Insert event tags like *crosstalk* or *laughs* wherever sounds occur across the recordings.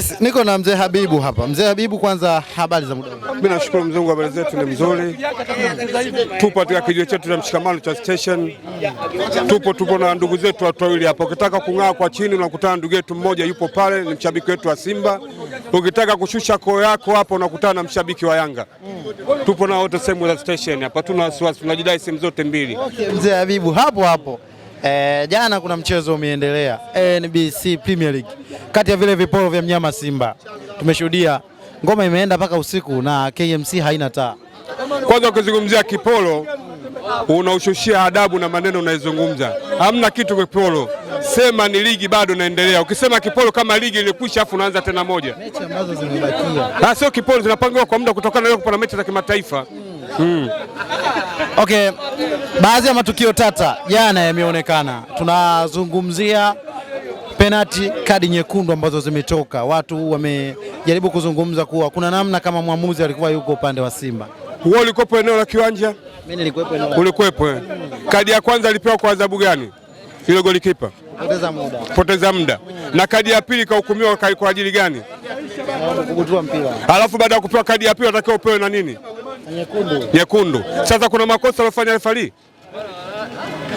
Yes, niko na mzee Habibu hapa. Mzee Habibu, kwanza habari za muda? Mimi nashukuru Mzungu, habari zetu ni mzuri. Tupo katika kijiwe chetu cha mshikamano cha station, tupo tupo na ndugu zetu watu wawili hapa. Ukitaka kung'aa kwa chini unakutana ndugu yetu mmoja yupo pale, ni mshabiki wetu wa Simba. Ukitaka kushusha koo yako hapo unakutana na mshabiki wa Yanga. Tupo na wote sehemu za station hapa, tuna wasiwasi, tunajidai sehemu zote mbili. Okay, mzee Habibu hapo hapo E, jana kuna mchezo umeendelea NBC Premier League kati ya vile viporo vya mnyama Simba. Tumeshuhudia ngoma imeenda mpaka usiku na KMC haina taa. Kwanza ukizungumzia kiporo unaushushia adabu na maneno unayozungumza. hamna kitu kiporo, sema ni ligi bado naendelea Ukisema kiporo kama ligi ilikwisha, afu unaanza tena moja. Mechi ambazo zimebakia ah, sio kiporo, zinapangiwa kwa muda kutokana na leo kuna mechi za kimataifa. Mm. Okay, baadhi ya matukio tata jana yameonekana. Tunazungumzia penati kadi nyekundu ambazo zimetoka. Watu wamejaribu kuzungumza kuwa kuna namna kama mwamuzi alikuwa yuko upande wa Simba. Huo ulikuwepo eneo la kiwanja? Mimi nilikuwepo eneo. Ulikuwepo. Eh. Kadi ya kwanza alipewa kwa adhabu gani? Ile golikipa. Poteza muda. Poteza muda. Na kadi ya pili kahukumiwa kwa ajili gani? Kugutua mpira. Alafu baada ya kupewa kadi ya pili atakiwa upewe na nini? nyekundu, nyekundu. Sasa kuna makosa aliyofanya refarii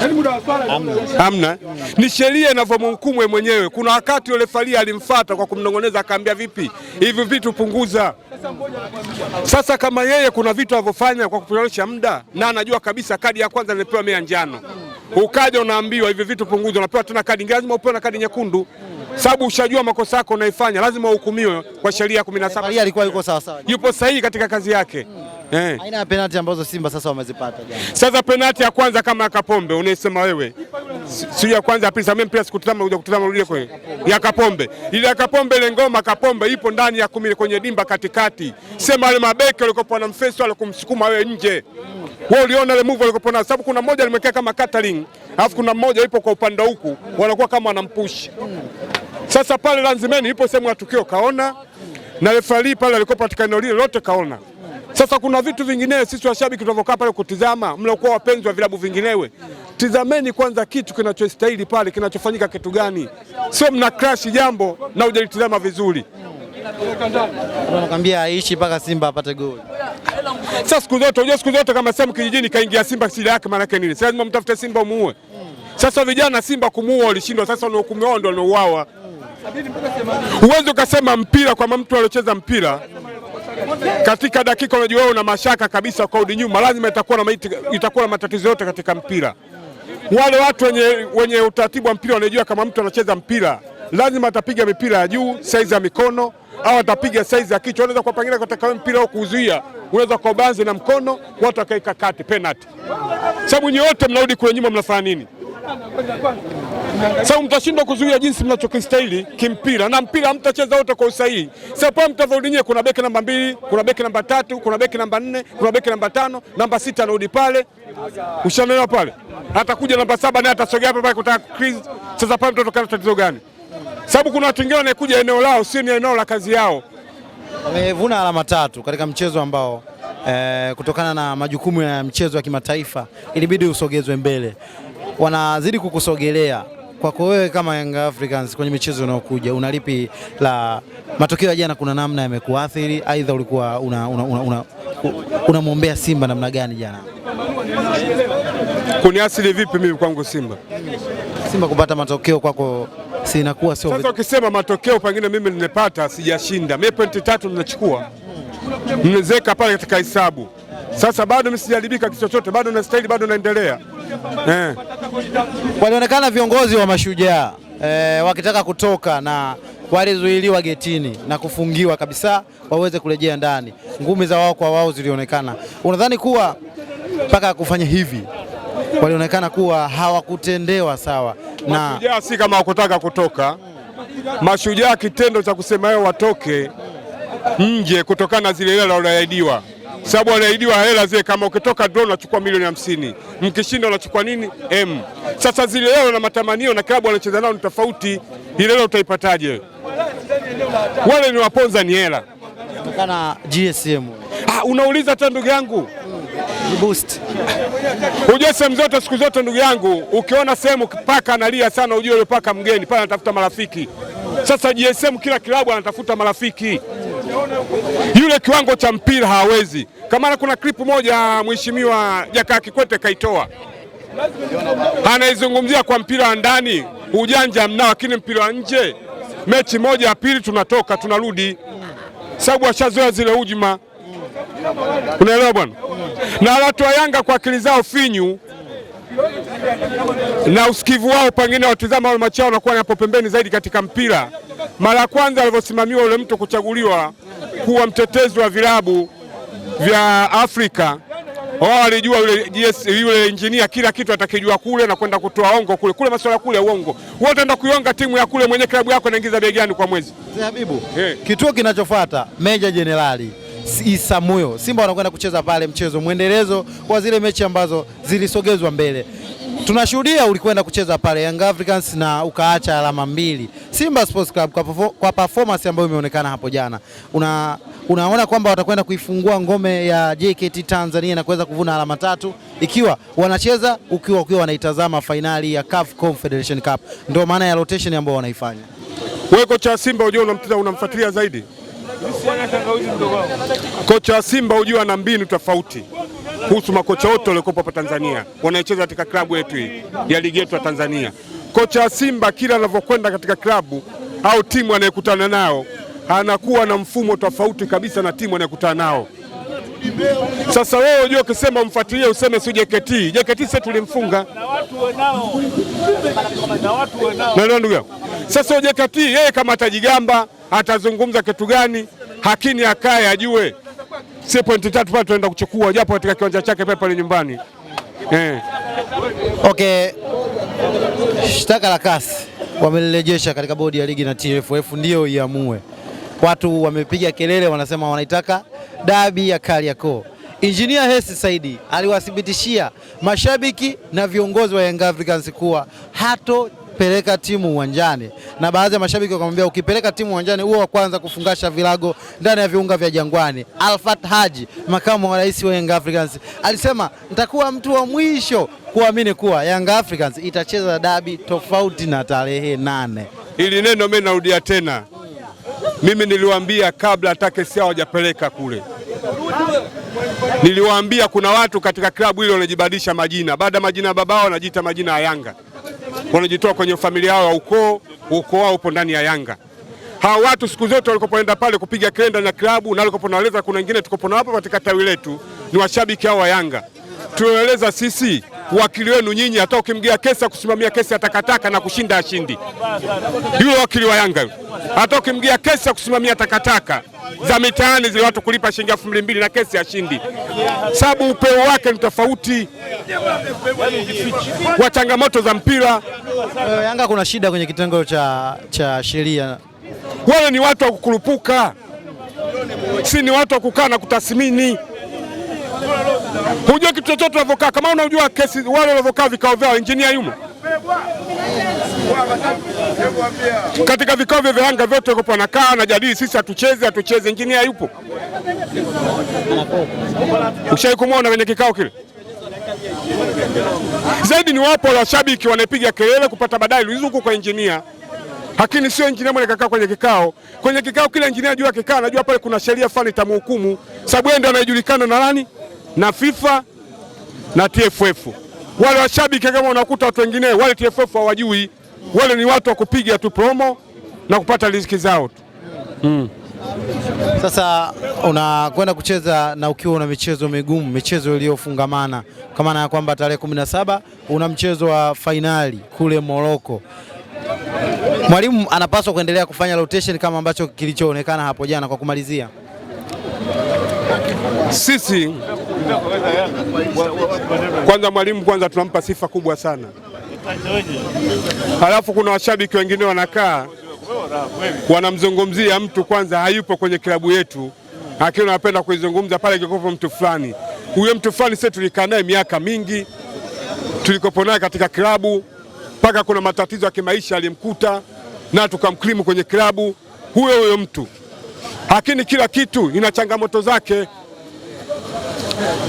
yaani hamna, ni sheria inavyomhukumu mwenyewe. Kuna wakati yule faria alimfata kwa kumnong'oneza, akaambia vipi hivi vitu punguza. Sasa kama yeye kuna vitu alivyofanya kwa kupotosha muda, na anajua kabisa kadi ya kwanza nimepewa mea njano, hmm. ukaja unaambiwa hivi vitu punguza, unapewa tena kadi, lazima upewe na kadi nyekundu. Hmm sababu ushajua makosa yako unaifanya, lazima uhukumiwe kwa sheria ya 17. Alikuwa yuko sawa sawa, yupo sahihi katika kazi yake hmm. Eh. Aina ya penalti ambazo Simba sasa wamezipata jana. Sasa penalti ya kwanza kama ya Kapombe unaisema wewe. Sio ya kwanza ya pili, mimi pia sikutazama kuja kutazama rudi kwenye. Ya Kapombe. Ile ya Kapombe ile ngoma Kapombe ipo ndani ya kumi kwenye dimba katikati. Sema wale mabeki walikopo na mfeso alikumsukuma wewe nje. Wewe uliona ile move alikopo na sababu kuna mmoja alimwekea kama catering, alafu kuna mmoja ipo kwa upande huku wanakuwa kama wanampush. Sasa pale Lanzimeni ipo sehemu ya tukio kaona, na refari pale alikuwa katika eneo lile lote kaona. Sasa kuna vitu vingine sisi washabiki tunavyokaa pale kutizama, mlokuwa wapenzi wa vilabu vinginewe, tizameni kwanza kitu kinachostahili pale, kinachofanyika kitu gani, sio mna crash jambo na hujalitizama vizuri. Nakwambia aishi mpaka Simba apate goli. Sasa siku zote unajua, siku zote kama sehemu kijijini kaingia Simba shida yake, maana yake nini? Lazima mtafute Simba umuue. Sasa vijana Simba kumuua walishindwa, sasa wanaokumeao ndio wanaouawa. Huwezi ukasema mpira kwamba mtu aliocheza mpira katika dakika unajua una mashaka kabisa udi nyuma, lazima itakuwa na, itakuwa na matatizo yote katika mpira. Wale watu wenye, wenye utaratibu wa mpira wanajua kama mtu anacheza mpira lazima atapiga mipira ya juu, saizi ya mikono au atapiga saizi ya kichwa. Unaweza kuwapangilia katika mpira au kuzuia, unaweza kwa banzi na mkono, watu wakaika kati penati, Sababu nyote mnarudi kule nyuma, mnafanya nini? Sasa mtashindwa kuzuia jinsi mnachokistahili kimpira, na mpira mtacheza wote kwa usahihi. Sasa pale mtavoudi nyewe, kuna beki namba mbili, kuna beki namba tatu, kuna beki namba nne, kuna beki namba tano, namba sita anarudi pale, ushanelewa pale, atakuja namba saba naye atasogea hapa pale kutaka kukrizi. Sasa pale mtatokana tatizo gani? Sababu kuna watu wengine wanakuja eneo lao, sio ni eneo la kazi yao. Wamevuna alama tatu katika mchezo ambao eh, kutokana na majukumu ya mchezo wa kimataifa ilibidi usogezwe mbele, wanazidi kukusogelea kwako wewe kama Young Africans kwenye michezo unaokuja unalipi la matokeo ya jana, kuna namna yamekuathiri, aidha ulikuwa unamwombea una, una, una Simba namna gani jana? Kuniathiri vipi mimi kwangu Simba? Simba kupata matokeo kwako si inakuwa sio. Sasa ukisema matokeo pengine mimi nimepata sijashinda, mimi pointi tatu ninachukua, mnezeka pale katika hesabu sasa bado mimi sijaribika kitu chochote, bado nastahili, bado naendelea eh. Walionekana viongozi wa mashujaa eh, wakitaka kutoka na walizuiliwa getini na kufungiwa kabisa waweze kurejea ndani. Ngumi za wao kwa wao zilionekana. Unadhani kuwa mpaka kufanya hivi walionekana kuwa hawakutendewa sawa na mashujaa? Si kama wakutaka kutoka mashujaa, kitendo cha kusema wao watoke nje kutokana na zile hela sababu waliahidiwa hela zile, kama ukitoka draw unachukua milioni hamsini, mkishinda unachukua nini m. Sasa zile hela na matamanio na klabu wanacheza nao ni tofauti. Ile hela utaipataje? Wale ni waponza, ni hela kana GSM. Ah, unauliza hata ndugu yangu boost. Unajua sehemu zote siku zote ndugu yangu, ukiona sehemu paka analia sana, ujue yule paka mgeni pale anatafuta marafiki. Sasa GSM kila kilabu anatafuta marafiki yule kiwango cha mpira hawezi. Kama kuna klipu moja mheshimiwa Jakaya Kikwete kaitoa, anaizungumzia kwa mpira wa ndani, ujanja mnao, lakini mpira wa nje, mechi moja ya pili tunatoka tunarudi, sababu ashazoea zile hujuma. Unaelewa bwana? Na watu wa Yanga kwa akili zao finyu na usikivu wao, pengine watizama wale macho yao wanakuwa pembeni zaidi katika mpira. Mara ya kwanza alivyosimamiwa yule mtu kuchaguliwa kuwa mtetezi wa vilabu vya Afrika. Wao walijua yule yes, yule injinia kila kitu atakijua kule na kwenda kutoa ongo kule kule, masuala kule uongo. Wewe utaenda kuionga timu ya kule, mwenye klabu yako anaingiza bei gani kwa mwezi? Habibu, hey. Eh. Kituo kinachofuata Meja Jenerali Isamuyo, Simba wanakwenda kucheza pale mchezo mwendelezo kwa zile mechi ambazo zilisogezwa mbele. Tunashuhudia ulikwenda kucheza pale Young Africans na ukaacha alama mbili. Simba Sports Club kwa performance ambayo imeonekana hapo jana, una, unaona kwamba watakwenda kuifungua ngome ya JKT Tanzania na kuweza kuvuna alama tatu ikiwa wanacheza ukiwa ukiwa wanaitazama fainali ya CAF Confederation Cup, ndio maana ya rotation ambayo wanaifanya. Wewe kocha wa Simba unajua unamtazama, unamfuatilia zaidi kocha wa Simba unajua na mbinu tofauti kuhusu makocha wote waliokuwa hapa Tanzania wanaocheza katika klabu yetu hii ya ligi yetu ya Tanzania. Kocha wa Simba kila anavyokwenda katika klabu au timu anayekutana nao anakuwa na mfumo tofauti kabisa na timu anayekutana nao. Sasa wewe unajua, ukisema umfuatilie useme si JKT. JKT sasa tulimfunga na ndugu yangu. Sasa JKT yeye kama atajigamba atazungumza kitu gani, hakini akaye ajue si pointi tatu pale tunaenda kuchukua, japo katika kiwanja chake pale pale nyumbani eh. Okay. Shtaka la kasi wamelirejesha katika bodi ya ligi na TFF ndio iamue. Watu wamepiga kelele, wanasema wanaitaka dabi ya Kariakoo. Injinia hesi saidi aliwathibitishia mashabiki na viongozi wa Young Africans kuwa hatopeleka timu uwanjani, na baadhi ya mashabiki wakamwambia, ukipeleka timu uwanjani huo wa kwanza kufungasha vilago ndani ya viunga vya Jangwani. Alfat Haji, makamu wa rais wa Young Africans, alisema nitakuwa mtu wa mwisho kuamini kuwa Young Africans itacheza dabi tofauti na tarehe nane. Ili neno mimi narudia tena, mimi niliwaambia kabla hata kesi yao hajapeleka kule, niliwaambia kuna watu katika klabu hili wanajibadilisha majina, baada ya majina ya babao wanajiita majina ya Yanga, wanajitoa kwenye familia yao ya ukoo, ukoo wao upo ndani ya Yanga. Hawa watu siku zote walikopoenda pale kupiga kelenda na klabu na walikoponaeleza kuna wengine tukopo hapa katika tawi letu ni washabiki hao wa Yanga, tunaeleza sisi wakili wenu nyinyi, hata ukimgia kesi ya kusimamia kesi ya takataka na kushinda ashindi. Yule wakili wa Yanga hata ukimgia kesi ya kusimamia takataka za mitaani zile watu kulipa shilingi elfu mbili mbili na kesi ashindi, sababu upeo wake ni tofauti kwa changamoto za mpira. Eh, Yanga kuna shida kwenye kitengo cha, cha sheria. Wale ni watu wa kukurupuka, si ni watu wa kukaa na kutathmini hujua kitu chochote unavyokaa. Kama unajua kesi wale wanavyokaa vikao vyao, injinia yumo katika vikao vya vihanga vyote, kopo anakaa anajadili, sisi hatucheze, hatucheze. Injinia yupo, ushai kumwona kwenye kikao kile? Zaidi ni wapo washabiki wanapiga kelele kupata baadaye ruzuku kwa injinia lakini sio injinia mwenye kakaa kwenye kikao. Kwenye kikao kile injinia juu akikaa, anajua pale kuna sheria fulani itamhukumu, sababu yeye ndo anayejulikana na nani na FIFA na TFF. Wale washabiki kama unakuta watu wengine wale TFF hawajui, wale ni watu wa kupiga tu promo na kupata riziki zao tu mm. Sasa unakwenda kucheza na ukiwa una michezo migumu, michezo iliyofungamana, kwa maana ya kwamba tarehe kumi na saba una mchezo wa fainali kule Moroko. Mwalimu anapaswa kuendelea kufanya rotation kama ambacho kilichoonekana hapo jana. Kwa kumalizia, sisi kwanza mwalimu kwanza tunampa sifa kubwa sana, halafu kuna washabiki wengine wanakaa wanamzungumzia mtu kwanza hayupo kwenye klabu yetu, lakini wanapenda kuizungumza pale kikopo mtu fulani. Huyo mtu fulani sisi tulikaa naye miaka mingi, tulikopo naye katika klabu mpaka kuna matatizo ya kimaisha alimkuta na tukamkrimu kwenye klabu huyo huyo mtu, lakini kila kitu ina changamoto zake.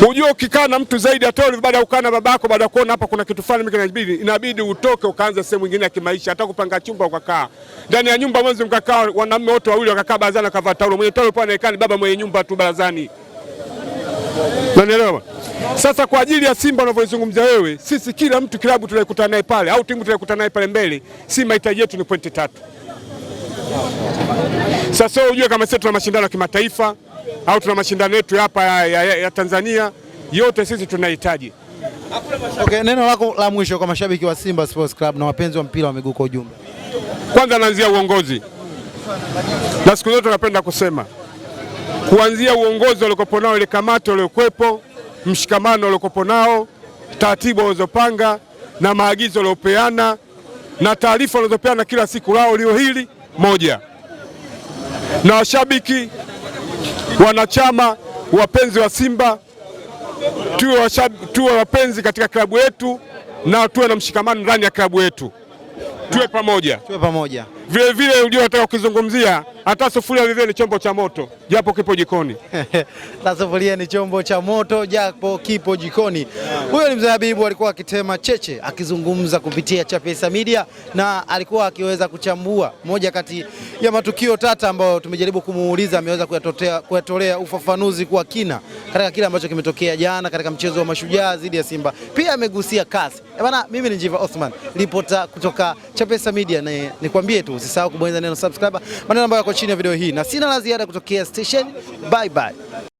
Hujua ukikaa na mtu zaidi atoli, baada ya kukaa na babako, baada ya kuona hapa kuna kitu fulani mimi inabidi inabidi utoke ukaanze sehemu nyingine ya kimaisha, hata kupanga chumba ukakaa ndani ya nyumba mwanzo mkakaa wanaume wote wawili wakakaa barazani, kavaa taulo, mwenye taulo anaonekana baba mwenye nyumba tu barazani. Unaelewa? Sasa kwa ajili ya Simba unavyozungumza wewe, sisi kila mtu kilabu tunayekutana naye pale au timu tunayekutana naye pale mbele, si mahitaji yetu ni pointi tatu. Sasa wewe ujue kama sisi tuna mashindano ya kimataifa au tuna mashindano yetu hapa ya, ya, ya Tanzania yote sisi tunahitaji. Okay, neno lako la mwisho kwa mashabiki wa Simba Sports Club na wapenzi wa mpira wa miguu kwa ujumla. Kwanza naanzia uongozi, na siku zote napenda kusema kuanzia uongozi waliokopo nao, ile kamati waliokuwepo, mshikamano waliokopo nao, taratibu walizopanga na maagizo waliopeana na taarifa walizopeana kila siku, lao lio hili moja na washabiki wanachama, wapenzi wa Simba, tuwe, tuwe wapenzi katika klabu yetu na tuwe na mshikamano ndani ya klabu yetu, tuwe pamoja, tuwe pamoja. Vilevile ulio nataka kukizungumzia hata sufuria vivyo ni chombo cha moto japo kipo jikoni. La *laughs* sufuria ni chombo cha moto japo kipo jikoni. Huyo ni Mzee Habibu alikuwa akitema cheche akizungumza kupitia Chapesa Media na alikuwa akiweza kuchambua moja kati ya matukio tata ambayo tumejaribu kumuuliza, ameweza kuyatolea ufafanuzi kwa kina katika kile ambacho kimetokea jana katika mchezo wa Mashujaa dhidi ya Simba. Pia amegusia kasi. E bana, mimi ni Jiva Osman, ripota kutoka Chapesa Media, na nikwambie tu usisahau kubonyeza neno subscribe maneno ambayo chini ya video hii, na sina la ziada kutokea station. Bye bye.